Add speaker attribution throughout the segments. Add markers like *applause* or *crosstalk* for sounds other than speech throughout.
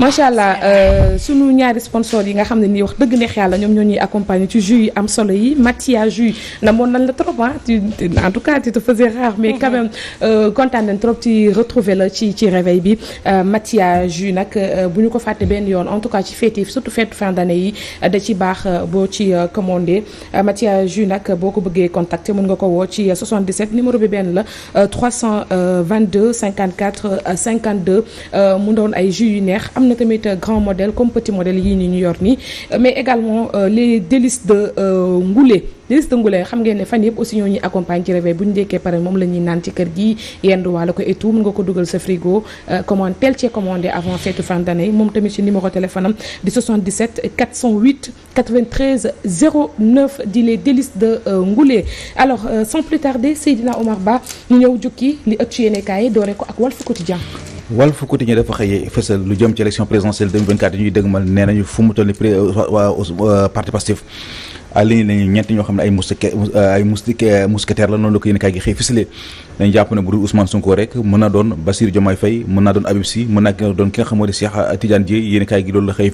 Speaker 1: macha allah euh, sunu ñaari sponsor yi nga xam ne nii wax dëgg neex yàlla ñoom ñoo ñuy accompagner ci jus am solo yi Matia jus na moon nañ la trop ah en tout cas tu te faisais rare mais quand euh, la ci ci réveil bi euh, Matia jus nag bu ñu ko fàtte benn yoon en tout cas ci fête yi surtout fête fin d'année yi da ci baax boo ci commandé Matia jus nag boo ko bëggee contacter mën nga ko woo ci 77 numéro bi benn la 322 54 52 mu doon ay jus yu neex na tamit grand modèle comme petit modèle yii ni ñu yor nii mais également euh, les délices de euh, Ngoulé délices de Ngoulé xam nga ne fan yëpp aussi ñoo ñuy accompagne ci réveil bu ñu ndekkee pare moom la ñuy naan ci kër gi yenduwaale ko et mun nga ko dugal sa frigo euh, commande teel cee commandé avant fête fin d'année moom tamit ci numéro téléphone am di 77 408 93 09 di les délices de Ngoulé alors sans plus tarder Seydina Omar Ba ñu ñëw jukki li ëpp ci yéenekaay doore ko ak Walf Quotidien
Speaker 2: Walf Quotidien dafa xëyee fësal lu jëm ci élection présidentielle 2024 yi ñuy dëgmal nee nañu fu toll ni waa parti Pastef li ñu ñeent ñoo xam ne ay moustique ay moustique mousquetaire la noonu la ko yéen kaay gi xëy fësalee dañ jàpp bu dul Ousmane Sonko rek mën naa doon Bassirou Diomaye Faye mën naa doon Habib mën naa doon ki nga xam di Cheikh Tidiane Dièye yéen kaay gi loolu la xëy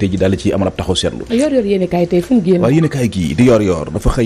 Speaker 2: tey ji daal ci amal ab seetlu
Speaker 1: waaw
Speaker 2: yéen kaay gi di yor yor dafa xëy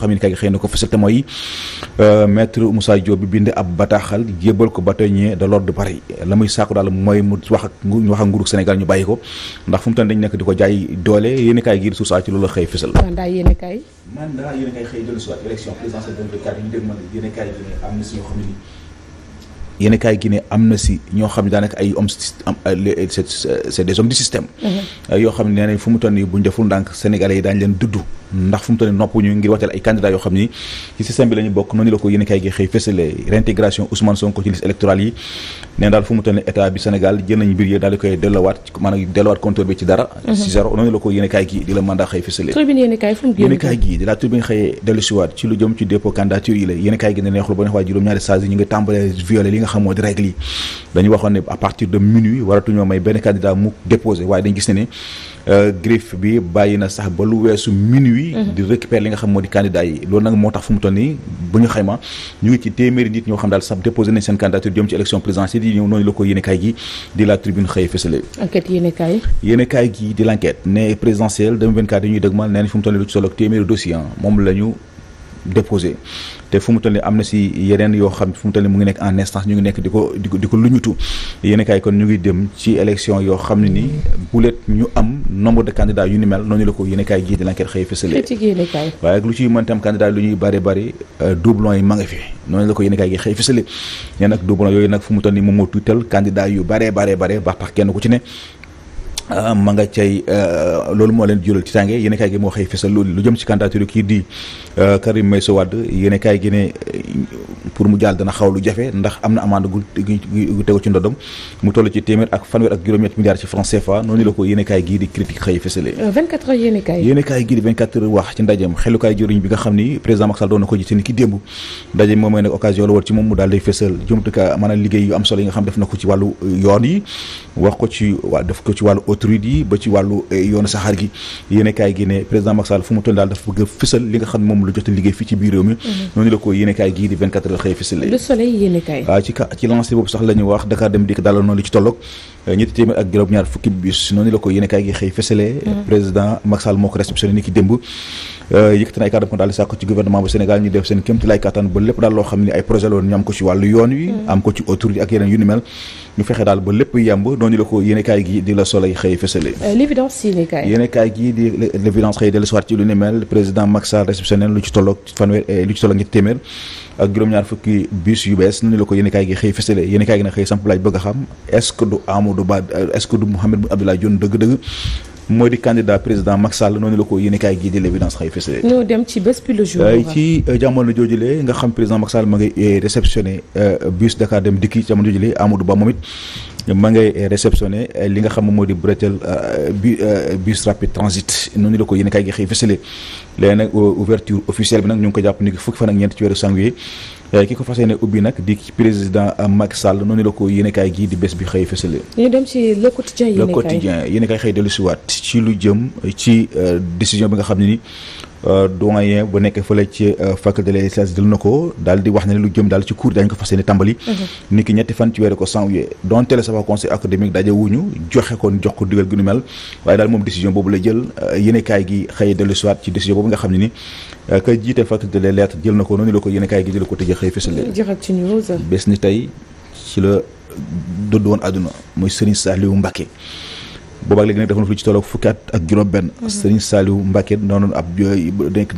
Speaker 2: xam ne kay na ko fësal te mooy euh, maître Moussa Diop bi bind ab bataaxal jébbal ko bâtonnier de l'ordre de Paris la muy sàkku daal mooy mu wax ak wax ak nguuru Sénégal ñu bàyyi ko ndax fu mu toll nekk di ko jaay doole yéen kaay gii di suuf ci loolu la xëy fësal. mandat yéen kaay. mandat yéen kaay xëy dellu si waat gi ne am na si ñoo xam ne nii. yéen kaay gi ne am na si ñoo xam daanaka ay hommes système. Mm-hmm. yoo xam ne nee nañ fu mu toll nii deful ndànk Sénégalais yi dañ leen dudd ndax fu mu toll nopp ñu ngir wàccal ay candidats yoo xam ni ci système bi la bokk noonu la ko yéen gi xëy fësale réintégration Ousmane Sonko ci liste yi neen daal fu mu toll état bi Sénégal jël nañu mbir yi daal di koy dellowaat maanaam dellowaat compteur bi ci dara mhm. ci noonu la ko yéen gi di la mandat xëy fësale yéen ci lu jëm ci dépôt candidature yi la yéen gi ne neexul ba neex waa juróom-ñaari saa ñu ngi tàmbalee appui. di récupérer li nga xam moo di candidat yi loolu nag moo tax fu mu toll nii bu ñu xayma ñu ngi ci téeméeri nit ñoo xam daal sab déposé nañ seen candidature jëm ci élection présidentielle yi ñëw noonu la ko yéene kaay gi di la tribune xëy fësale enquête yéene kaay gi di l' enquête ne présidentielle 2024 yi ñuy dëgmal nee nañ fu mu toll nii lu ci solo ak téeméeri dossier moom la déposé te fu mu toll nii am na si yeneen yoo xam fu mu toll nii mu ngi nekk en instance ñu ngi nekk di ko di ko di ko luñutu kaay kon ñu ngi dem ci élection yoo xam ne ni bulet ñu am nombre de candidats yu ni mel noonu la ko yéen kaay gii di l'enquête xëy fësale waaye lu ciy mën tam candidat lu ñuy bëri bëri euh, doublon yi ma nga fi gi xëy fësale nee nag doublon yooyu nag fu mu toll nii moom moo tuutal candidat yu bëree baree bare ba tax kenn ku ci ne Ah, ma nga cay euh, loolu moo leen jural ci tànge yéen kaay gi moo xëy fësal lu jëm ci candidature kii di euh, Karim Meïssa Wade yéen kaay gi ne euh, pour mu jàll dana xaw lu jafe ndax am na amande gu gu tegu ci ndodom mu toll ci téeméer ak fanweer ak juróom-ñett milliards ci francs CFA noonu la ko yéen kaay gii di critique xëy fësale.
Speaker 1: 24 heures
Speaker 2: di wax ci ndajeem xelukaay jëriñ bi nga xam ni président Macky Sall doon na ko jiite ni ki démb ndaje moom mooy nag occasion la autoroute yi ba ci wàllu eh, yoonu saxaar gi yéene gi ne président Macky fu mu toll daal dafa bëgg a fësal li nga xam ne moom la jota liggéey fii ci biir réew mhm. noonu la ko yéene kaay di xëy fësal ah, eh, mhm. président Macky moo ko réceptionné ni ki démb Euh, yëkkati na ay kàddu ko daal di sàkk ci gouvernement bu Sénégal ñu def seen kéem ci lay kattan ba lépp daal loo xam ne ay projet la ñu am ko ci wàllu yoon wi mm. am ko ci autorité ak yeneen yu ni mel ñu fexe daal ba lépp yemb doon ñu la ko yéene kaay gi di la Soleil xëy fësale
Speaker 1: euh, yéene
Speaker 2: kaay lu ni mel président Macky Sall réceptionné lu ci tolloog fanweer eh, lu ci ngi téeméer ak juróom-ñaar fukki bus yu bees nañu la ko yéene kaay gi xëy fësale yéene kaay gi na xëy samp laaj bëgg a xam est-ce que du Amadou Ba euh, est-ce que du Mouhamed Abdoulaye moo di candidat président Macky Sall noonu la ko yéenekaay gii di l'évidence xëy fësale.
Speaker 1: ñoo dem ci bés bi le jour. Euh,
Speaker 2: ci euh, jamono joojule nga xam président Macky Sall ma ngay euh, réceptionné bus Dakar dem dikki jamono joojule Amadou Ba moom it ma ngay réceptionné li nga xam moo di bretel bu bus rapide transit noonu la ko yéenekaay gi xëy fësale léegi nag ouverture officielle bi nag ñu ngi ko jàpp ni fukki fa ak ñeent ci weeru janvier. Euh, ki ko fas ne ubbi nag di président Macky Sall noonu la ko yéenekaay gii di bés bi xëy fësale.
Speaker 1: ñu dem ci le quotidien yéenekaay le quotidien
Speaker 2: yéenekaay xëy dellusiwaat ci lu jëm ci euh, décision bi nga xam ne ni. Euh, doyen ba nekk fële ci euh, faculté des sciences jël na ko daal di wax ne lu jëm daal ci cours dañ ko fas yéene tàmbali ni ki ñetti fan ci weeru ko janvier donte la sama conseil académique daje wuñu joxe kon jox ko digal gi nu mel waaye daal moom décision boobu la jël euh, yéene kaay gi xëy dellu soit ci décision boobu nga xam ne ni ka jiite faculté des lettres jël na ko noonu la ko yéene kaay gi jël ko tëjee xëy
Speaker 1: fësale
Speaker 2: bés ni tey ci la dëdd woon àdduna mooy Serigne Saliou Mbacké boobaak léegi nag def na fi lu ci tolloog fukki ak juróom-benn. Serigne Saliou Mbacke noonu ab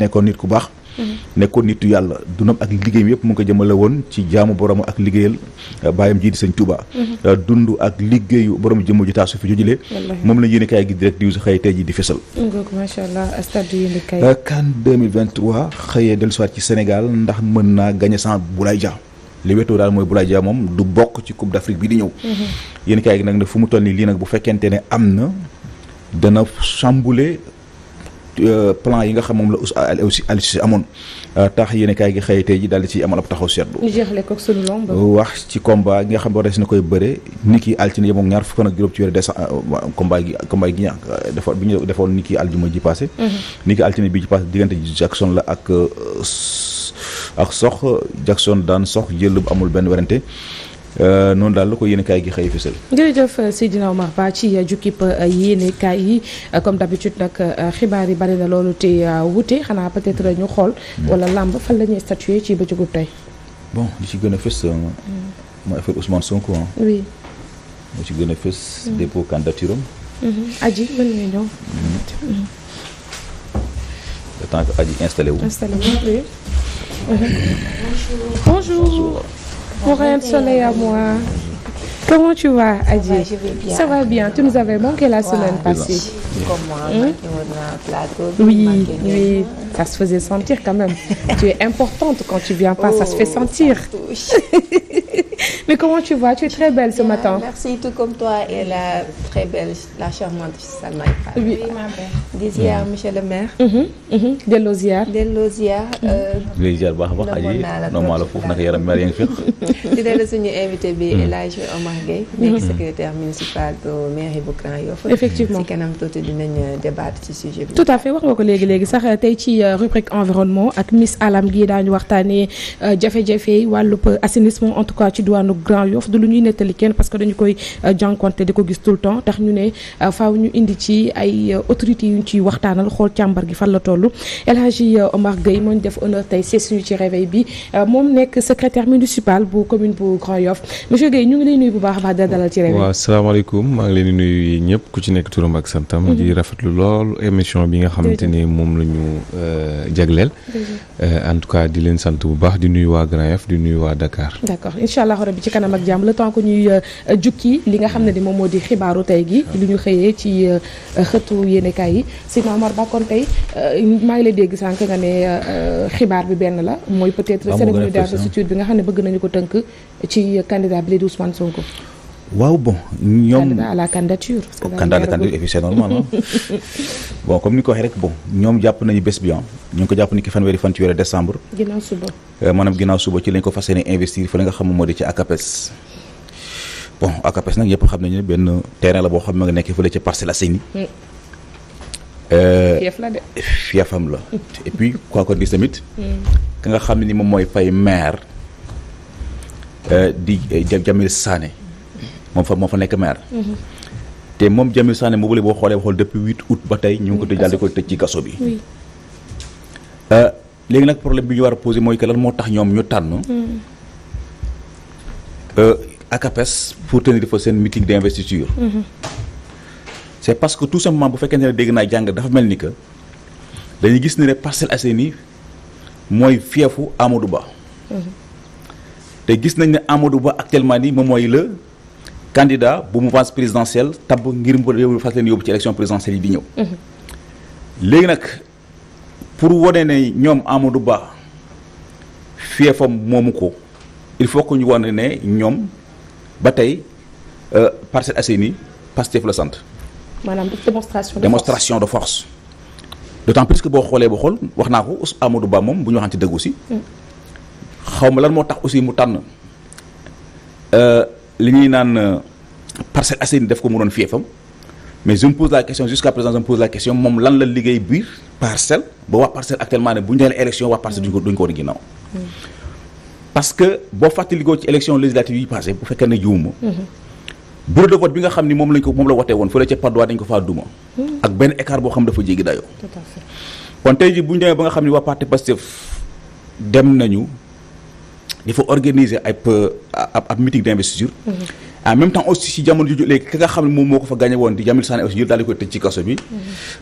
Speaker 2: nekkoon nit ku baax. Mhm. nekkoon nit yàlla dundam ak liggéeyam yëpp mu ngi ko jëmale woon ci jaamu borom ak liggéeyal euh, bàyyam ji di sëñ Touba. Mhm. Euh, dund ak liggéeyu borom jëmm ju taasu fi jojilee moom la yéene kaay gi direct news xëy tey ji di fesal
Speaker 1: macha allah stade yi kay. Euh,
Speaker 2: CAN 2023 xëyee dellusiwaat ci Sénégal ndax mën naa sant bu Boulaye jaam li wéetoo daal mooy Boulaye Dia moom du bokk ci Coupe d'Afrique bi di ñëw mhm. yéen gi nag ne fu mu toll nii lii nag bu fekkente ne am na dana chambouler euh, plan yi nga xam moom la us Aliou Cissé amoon euh, tax yéen kaay gi xëy tey ji daal di ci amal ab taxaw
Speaker 1: seetlu
Speaker 2: wax ci combat gi nga xam ne war na koy bëre ni ki altine yemoog ñaar fukk ak juróom ci weeru décembre euh, combat gi combat gi ña ni ki aljuma ji passé mhm. ni ki bi ji passé diggante Jackson la ak ak sox Jackson daan sox jël bu amul benn werante euh, noonu daal la ko yéene kaay gi xëy fësal.
Speaker 1: jërëjëf Seydina Omar Ba ci jukkib euh, yéene kaay yi comme d'habitude nag euh, xibaar yi bari na loolu te wute xanaa peut-être ñu xool. Mm. wala làmb fan la ñuy statuer ci bëccëgu tey.
Speaker 2: bon li ci gën a fës. Mm. mooy affaire Ousmane Sonko ah. oui. moo ci gën a fës. Mm. dépôt candidature
Speaker 1: mm-hmm. aji mën nga ñëw.
Speaker 2: le a que aji installé wu.
Speaker 1: installé uh-huh. bonjour. bonjour. soleil à moi. Comment tu vas, Adji? Ouais, va bien. Tu nous avais manqué la semaine passée. oui, oui. Ça se faisait sentir quand même. *laughs* tu es importante quand tu viens pas, oh, ça se fait oh, sentir. *laughs* Mais comment tu vas? Tu es très belle ce matin.
Speaker 3: tout comme toi et la charmante Salma Ipa. di
Speaker 2: ziar
Speaker 1: monsieur le maire. Mm-hmm, mm-hmm. delloo ziar. delloo ziar. léegi
Speaker 4: mm-hmm.
Speaker 2: euh, ziar baax a baax aji normal la foofu naka
Speaker 1: *laughs* euh, tout à fait wax nga ko léegi léegi sax euh, tey ci rubrique environnement ak Miss Alam gi daañu waxtaanee jafe-jafe wàllub assainissement en tout cas ci diwaanu Grand Yoff du lu ñuy nettali kenn parce que dañu koy jànkuwante di ko gis tout temps tax ñu ne faaw ñu indi ci ay autorités yu ciy waxtaanal xool càmbar gi fan la toll El Hadji euh, Omar Gueye moo ñu def honneur tey sees suñu ci réveil bi euh, moom nekk secrétaire municipal bu commune bu Grand Yoff monsieur Gueye ñu ngi lay nuyu bu baax a baax dalal ci réveil. waaw
Speaker 2: salaamaaleykum maa ngi leen di nuyu ñëpp ku ci nekk turam ak santam. Mhm. di rafetlu lool émission bi nga xamante ni moom la ñu euh, jagleel. en tout cas di leen sant bu baax di nuyu waa Grand Yoff di nuyu waa Dakar.
Speaker 1: d'accord incha allah ci kanam ak jàmm li nga xam ne di mhm. moom moo di xibaaru tey gi. Ah. li ñu xëyee ci xëtu sinon Mor Ba kon tey euh, maa ngi dégg sànq nga ne euh, xibaar bi benn la mooy peut-être a d'investiture bi nga xam ne bëgg nañu ko tënk ci candidat bi lay di Ousmane Sonko
Speaker 2: waaw bon ñoom candidat à
Speaker 1: la candidature candidat à *laughs*
Speaker 2: ni ko waxee bon ñoom jàpp nañu bés bi ñu ngi ko jàpp ni ki fanweeri fan ci weeru décembre ginnaaw suba euh, maanaam ginnaaw suba ci lañ ko fas yéene investir fa la nga xam moo di ci ACAPES bon ACAPES nag ñëpp xam nañu benn terrain la boo xam ne nga nekk fële ca Parcelles Assainies mm. Euh, fief la la et puis Kwaakor gis tamit. ka nga xam ni moom mooy fay maire euh, di euh, Jamil Sané moom fa moo fa nekk maire. te moom Jamil Sané mu bële boo xoolee xool depuis huit août ba tey ñu ngi ko tëj daal di ko tëj ci gaso bi. léegi nag problème bi ñu war a posé mooy que lan moo tax ñoom ñu tànn. Mm. ACAPES pour tenir fa seen meeting d' investiture. Mm-hmm. c'est parce que tout simplement bu fekkee ne dégg naa jàng dafa mel ni que dañuy gis ne ne Parcelles Assainies mooy fiefu Amadou Ba. Mhm. te gis nañ ne Amadou Ba actuellement ni moom mooy le candidat bu mouvance présidentielle tabb ngir mu fas leen yóbbu ci élection présidentielle yi di ñëw. Mhm. léegi nag pour wane ne ñoom Amadou Ba fiefam moomu ko il faut que ñu wane ne ñoom ba tey euh, Parcelles Assainies Pastef la sant.
Speaker 1: maanaam démonstration de démonstration
Speaker 2: de force. d'autant plus que boo xoolee ba xool wax naa ko Amadou Ba moom bu ñu waxante dëgg aussi. xaw ma lan moo tax aussi mu tànn euh, li ñuy naan euh, Parcelles Assainies def ko mu doon fiefam mais je pose la question jusqu'à présent je pose la question moom lan la liggéey biir parcelle ba waa parcelle actuellement ne bu ñu demee élection waa parcelle duñ ko duñ ko woon mm. parce que boo fàttalikoo ci élection législative yi passé bu fekkee bureau de vote bi nga xam ni moom la watee woon fële ca Patte d'Oie dañ ko faa duma. Hmm. ak benn écart boo xam dafa jéggi dayoo. tout à fait kon tey jii bu ñu demee ba nga xam ni waa parti Pastef dem nañu di fa organiser ab meeting d'investiture. Hmm. en même temps aussi si jamono jooju léegi ki nga xam ne moom moo ko fa gagné woon di Jamil Sané aussi jël daal di koy tëj ci kaso bi. Hmm.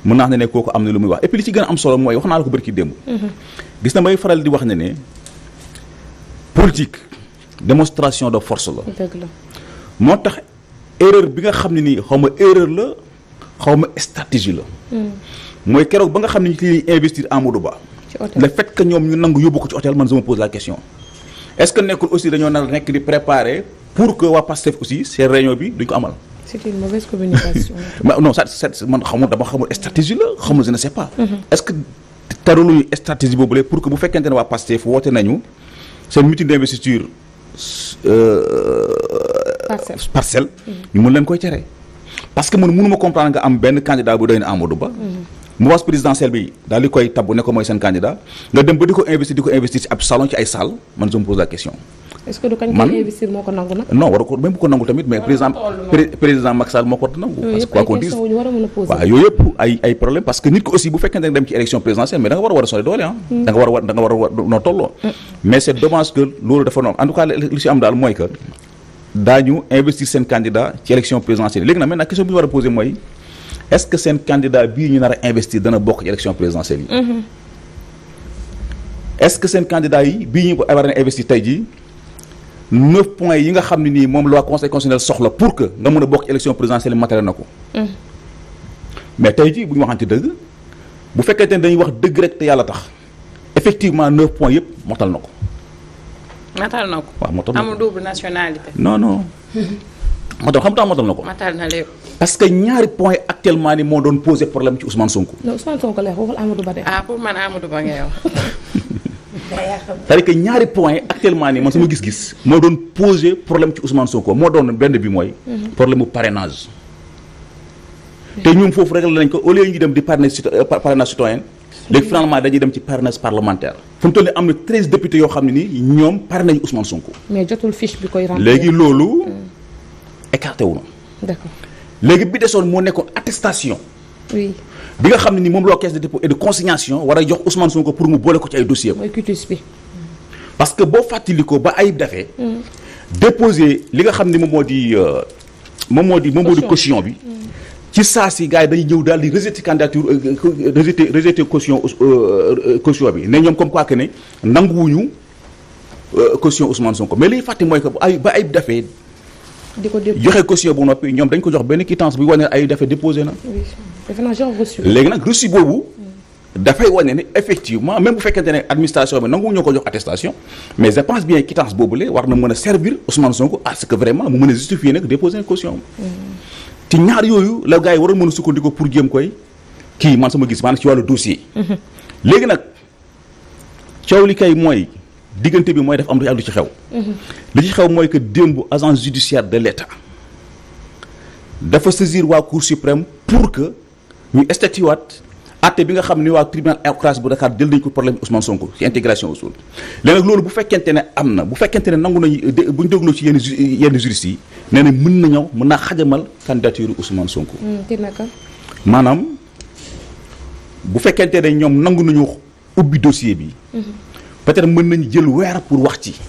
Speaker 2: mën naa ne ne kooku am na lu muy wax et ci gën a am solo mooy wax naa la ko bërki démb. gis di wax ne ne de force la. dëgg moo tax erreur bi nga xam ne nii xaw ma erreur la xaw ma stratégie la. Hmm. mooy keroog ba nga xam ne nii investir Amadou Ba. ci hôtel le fait que ñoom ñu nangu yóbbu ko ci hôtel man je me pose la question. est-ce que nekkul aussi dañoo nar nekk di préparer pour que waa Pastef aussi seen réunion bi duñ ko amal.
Speaker 1: c'est une mauvaise communication. *laughs*
Speaker 2: man xamul dama xamul stratégie la xamul je ne sais mm-hmm. est-ce que taruluñu stratégie boobule pour que bu fekkente ne waa Pastef woote nañu seen meeting parcelle ñu mën koy tere parce que man mënuma comprendre nga am benn candidat bu doy na Amadou Ba mm-hmm. mouvance présidentielle bi daal di koy tabb ne mooy seen candidat nga dem ba di ko investir di ko investir ci ab salon ci ay salle man je me pose la question
Speaker 1: est war
Speaker 2: ko ko nangu tamit mais président président Macky moo ko nangu parce que quoi qu'on dise waaw dem ci élection présidentielle mais da war a war a sori doole ah mm. war a war noo tolloo mm. mais c'est dommage daañu investir seen candidat ci élection présidentielle léegi nag maintenant question bi ñu war a posé mooy est-ce que seen candidat bii ñu nar a investir dana bokk ci élection présidentielle yi. Mm-hmm. est-ce que seen candidat yi bii ñu war a investir tey jii neuf points yi nga xam ne nii moom la conseil constitutionnel soxla pour que nga mën a bokk ci élection présidentielle matale na ko. Mm-hmm. mais tey jii bu ñu waxante dëgg bu fekkee ne dañuy wax dëgg rek te yàlla tax effectivement neuf points yëpp motal na ko. matal na ko waaw matal na ko amul
Speaker 3: double nationalité. non non. *laughs*
Speaker 2: matal xam nga matal na ko.
Speaker 3: matal na lépp.
Speaker 2: parce que ñaari point actuellement ni moo doon posé problème ci Ousmane Sonko. non ah, *laughs* que ñaari point actuellement nii man sama gis-gis. moo doon ci Ousmane Sonko moo doon benn bi mooy. Mhm. problème mu parrainage. te ñoom foofu réglé nañ ko au lieu dem di euh, parrainage citoyen léegi finalement dañuy dem ci parrainage parlementaire fu mu toll nii am na treize députés yoo xam ne nii ñoom pare nañu Ousmane Sonko.
Speaker 1: mais jotul fiche bi koy remplir léegi
Speaker 2: loolu hmm. écarté wu na. léegi bi desoon moo nekkoon attestation. oui bi nga xam ne ni moom loo caisse de dépôt et de consignation war a jox Ousmane pour mu boole ko ci ay dossiers mooy cutis parce que boo fàttali ko ba ayib dafee. Hmm. déposer li nga xam ne moom moo di euh, moom moo di moom moo di bi. Hmm. ci saa si gars yi dañuy ñëw daal di rejeté candidature rejeté euh, euh, euh, rejeté caution caution bi ne ñoom comme quoi que ñu nanguwuñu caution Ousmane Sonko mais liy fàtte mooy que bu ay ba ay dafee.
Speaker 1: di ko joxe
Speaker 2: caution bu noppi ñoom dañ ko jox benn quittance bu wane ne ay dafee déposé na. léegi nag reçu boobu. Hmm. dafay wane ne effectivement même bu fekkente ne administration bi nangu ñoo ko jox attestation mais je pense bien quittance boobu la war na mën a servir Ousmane Sonko à ce que vraiment mu te ñaar yooyu la gars yi waroon mën a sukkandiku pour jéem koy kii man sama gis maanaam ci wàllu dossier. léegi nag coow li kay mooy diggante bi mooy def am du ak du ci xew. li ci xew mooy que démb agence judiciaire de l' dafa saisir waa cour suprême pour que ñu statuwaat atte bi nga xam ni waa tribunal incourage bu Dakar jël nañ ko problème Ousmane Sonko ci intégration Ousmane léegi nag loolu bu fekkente ne am na bu fekkente ne nangu nañ bu ñu dégloo ci yenn yenn juristes na mën na ñëw mën naa xajamal candidature Ousmane Sonko. Mm, maanaam bu fekkente ne ñoom nangu nañu ubbi dossier bi. Mm-hmm. peut-être mën nañu jël weer pour wax ci.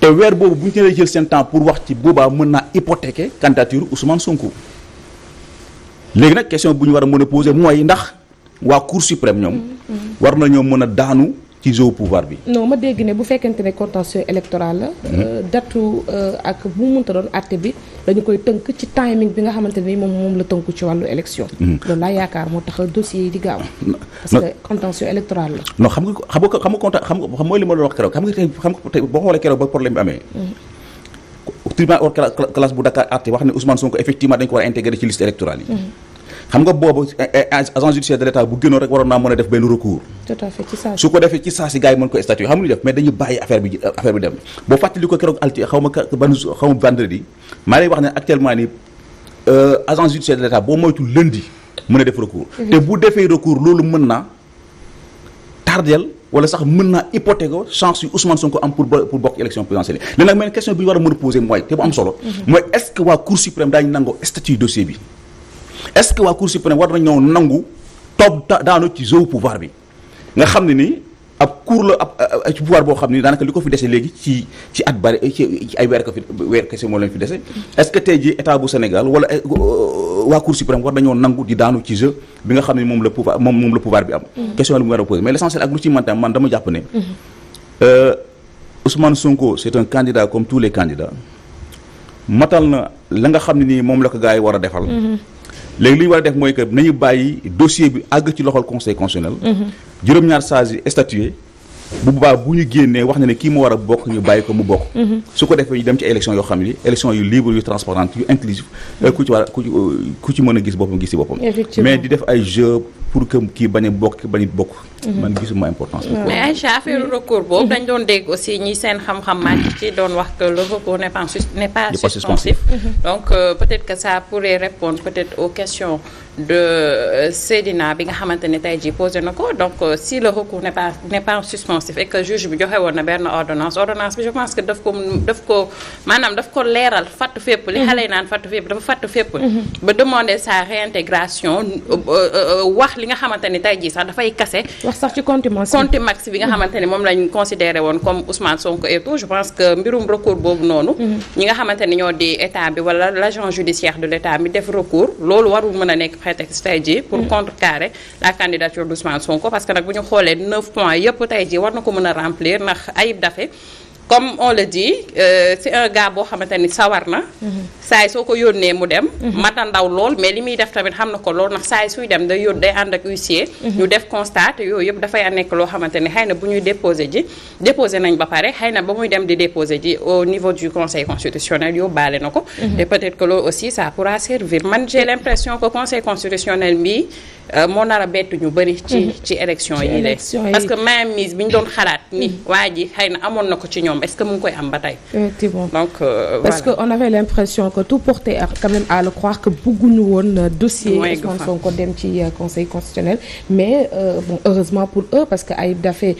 Speaker 2: te weer boobu bu ñu teel jël seen temps pour wax ci boobaa mën naa hypothéquer candidature Ousmane Sonko. léegi nag question bu ñu war a mën a poser mooy ndax waa cour suprême ñoom. war ñoo mën a daanu ci jeu pouvoir bi.
Speaker 1: non ma dégg ne bu fekkante ne contentieux électoral la. Mhm. Euh, datu euh, ak bu mu mënta doon àtte bi dañu koy tënk ci timing bi nga xamante ne moom moom la tënku ci wàllu élection. Mhm. loolu laa yaakaar moo tax dossier yi di gaaw. parce que contentieux la.
Speaker 2: non xam nga xam nga xam nga xam nga mooy li ma doon wax xam nga xam nga tey boo xoolee keroog ba problème bi amee. Mhm. tribunal a mm-hmm. eh, eh, eh, a su ko defee ci saa si gars yi mën ko statuer xam nga def mais dañuy bàyyi euh, affaire bi dem boo fàttali ko keroog alti xaw vendredi maa lay wax ne actuellement ni euh, agent judiciaire de l'état boo moytu lundi mën a def recours. te bu defee recours loolu mën naa. tardeel wala sax mën naa hypothéquer chance yu Ousmane Sonko am pour pour bokk élection présidentielle léegi nag man question bi war a mën a mooy te bu am solo. Mhm. mooy est waa Cour suprême daañu nangoo statut dossier bi nga xam ne ni. ab cour la ab ci pouvoir boo xam ni daanaka li ko fi dese léegi ci at bari ci ay weer ko fi weer kese moo leen fi dese mhm. est-ce que état bu Sénégal wala euh, waa cour suprême war dañoo nangu di daanu ci jeu bi nga xam ne moom la pouvoir moom la pouvoir bi am mhm. question la bu war a poser mais l'essentiel ak lu ci mantam man dama jàpp ne mhm. euh, Ousmane Sonko c'est un candidat comme tous les candidats matal na la nga xam ne moom la ko gars yi war a defal mhm. léegi li war a def mooy que nañu bàyyi dossier bi àgg ci loxol conseil constitutionnel juróom-ñaar sages yi statué bu boobaa bu ñu génnee wax na ne kii moo war a bokk ñu bàyyi ko mu bokk mhm. su ko defee ñu dem ci élection yoo xam ni élection yu libre yu transparente yu inclusive euh, ku ci war euh, ku ci mën a gis boppam gis ci boppam mais di def ay jeu pour que kii bañ a bokk ki bañ bokk. Mhm. man gisuma importance. mais
Speaker 3: Aïcha affaire recours boobu dañ doon dégg aussi ñi seen xam-xam màcc ci mhm. doon wax que le recours n'est pas n'est pas suspensif. Mhm. donc euh, peut-être que euh, ne tey jii posé na ko donc euh, si le recours pas n'est pas suspensif et que juge bi joxe woon na benn ordonnance ordonnance bi je pense que daf ko daf ko maanaam daf ko leeral fàttu fépp. li xale yi naan fàttu fépp dafa fàttu fépp. ba demander sa réintégration wax. li nga xamante ni tey jii sax dafay kase. wax sax ci contumace contumace max bi nga xamante ni moom lañ considéré woon comme Ousmane Sonko et tout je pense que mbirum recours boobu noonu. Mhm. ñi nga xamante ñoo di état bi wala l' agent judiciaire de l' état bi def recours loolu warul mën a nekk prétexte tey ji pour mhm. contrecarrer la candidature de Ousmane Sonko parce que nag bu ñu xoolee neuf points yëpp tey ji war na ko mën a remplir ndax Ayib Daffé. comme on le dit euh, c'est un gars boo xamante sawar na. Mhm. saa soo ko yónnee mu dem. Mhm. mata ndaw lool mais li muy def tamit xam na ko lool ndax saa yi suy dem day yóbbu day ànd ak huissier. Mhm. ñu def constat te yooyu yëpp dafay nekk loo xamante ni xëy na bu ñuy déposé ji déposé nañ ba pare xëy na ba muy dem di déposé ji au niveau du conseil constitutionnel yóbbaale na ko. te peut-être que loolu aussi ça pourra servir man j'ai l'impression que conseil constitutionnel bi euh, moo nar a bettu ñu bëri. ci ci élection yi ñoom est-ce que mu ngi koy am ba tey. effectivement euh, parce que
Speaker 1: on avait l'impression que tout portait quand même à le croire que bëgguñu woon euh, dossier. Ousmane Sonko dem ci euh, conseil constitutionnel. mais euh, bon heureusement pour eux parce que Ayib Daffé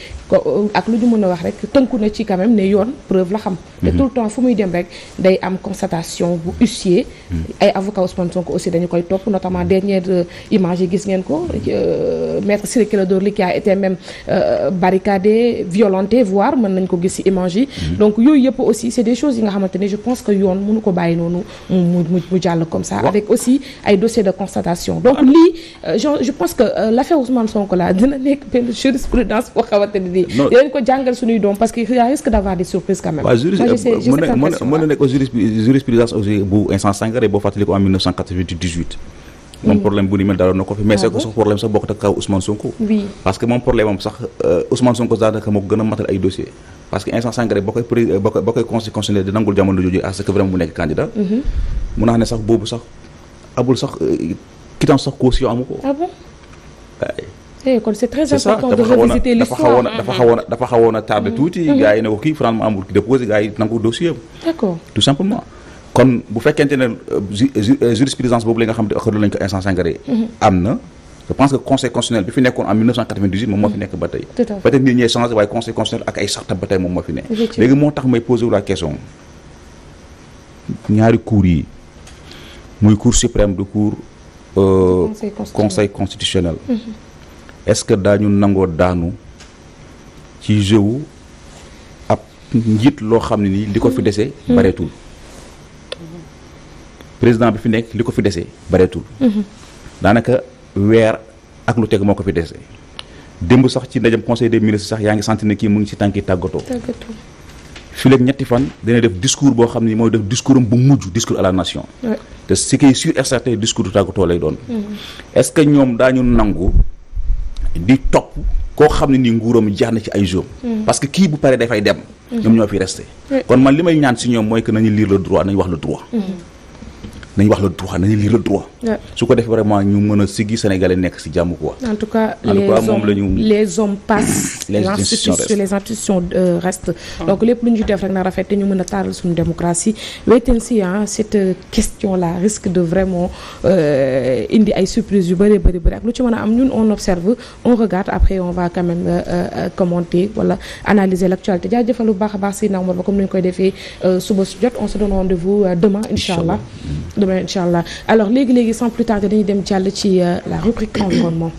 Speaker 1: ak lu ñu mën a wax rek tënku na ci quand même ne yoon preuve la xam. te mhm. tout le temps fu muy dem rek day am constatation bu huissier. Mhm. ay avocat Ousmane Sonko aussi dañu koy topp notamment dernière image yi gis ngeen ko maître Ciré Clédor a bi mm-hmm. donc yooyu yëpp aussi c'est des choses yi nga xamante je pense que yoon mënu ko bàyyi noonu mu jàll comme ça avec aussi ay dossiers de constatation donc lii euh, je pense que euh, l'affaire Ousmane Sonko la *laughs* dina nekk benn jurisprudence boo xamante ne nii dinañ ko jàngal suñuy doom parce que il y a risque d'avoir des surprises quand même
Speaker 2: mën nekk jurisprudence bu instance Sangaré boo fàttali ko en 1998 moom problème bu ni mel daaloon na ko fi mais ah c'est que sax problème sax bokkut ak kaw Ousmane Sonko parce que moom problème am sax euh, Ousmane Sonko daanaka moo ko gën a matal ay dossier parce que instant Sangaré ba koy pré ba koy ba conseil di nangul jamono jooju à mu nekk candidat mm-hmm. mun naa ne sax boobu sax abul sax quittance euh, sax caution amu ko
Speaker 4: ah
Speaker 1: eh, kon c'est très important de revisiter l'histoire dafa xawoon
Speaker 2: a dafa xawoon a tardé mm-hmm. tuuti mm-hmm. gars yi ne ko kii finalement amul ki déposé gars yi nangu dossier tout simplement kon bu fekkente ne euh, euh, euh, jurisprudence boobu la nga xam ne xëy lañ ko instance mm-hmm. am na je pense que conseil constitutionnel bi fi nekkoon en 1998 moom moo fi mm-hmm. nekk ba tey peut-être nit ñee changé waaye conseil constitutionnel ak ay ba tey moom moo fi ne léegi moo tax may posé la question ñaari cours yi muy cour suprême du cour conseil constitutionnel
Speaker 4: mm-hmm.
Speaker 2: est-ce que daañu nangoo daanu ci jeu ab njiit loo xam ne nii li ko fi dese bareetul président bi fi nekk li ko fi desee bareetul. Mhm. daanaka weer ak lu teg moo ko fi desee. démb sax ci ndajam conseil des ministres sax yaa ngi sant ne kii mu ngi ci tànki tàggatoo. tàggatoo fii ñetti fan dina def discours boo xam ne mooy def discours bu mujj discours à la nation. te ce qui est sûr et certain discours du tàggatoo lay doon. Mhm. est ce que ñoom daañu nangu di topp koo xam ne nii nguuram jaar na ci ay zoom. Mhm. parce que kii bu paree dafay dem. ñoom ñoo fi resté. kon man li ñaan si ñoom mooy que nañu lire le droit nañu wax le nañ wax le droit nañu lire le droit. su ko defee vraiment ñu mën a siggi sénégalais nekk si jàmm quoi.
Speaker 1: en tout en tout cas moom la ñu les hommes passent. *coughs* les institutions les institutions euh, restent. donc lépp lu ñu def rek na rafet te ñu mën a taaral suñu démocratie wait and see cette euh, question la risque de vraiment euh, indi ay surprise yu bare bëri bëri ak lu ci mën a am ñun on observe on regarde après on va quand même commenter wala analyser l' actualité jaajëfal baax a baax si Naoumar ba comme ni ñu koy defee suba su jot on se donne rendez vous demain incha allah alors léegi léegi sans plus tarder dañuy dem jàll ci euh, la rubrique *coughs* environnement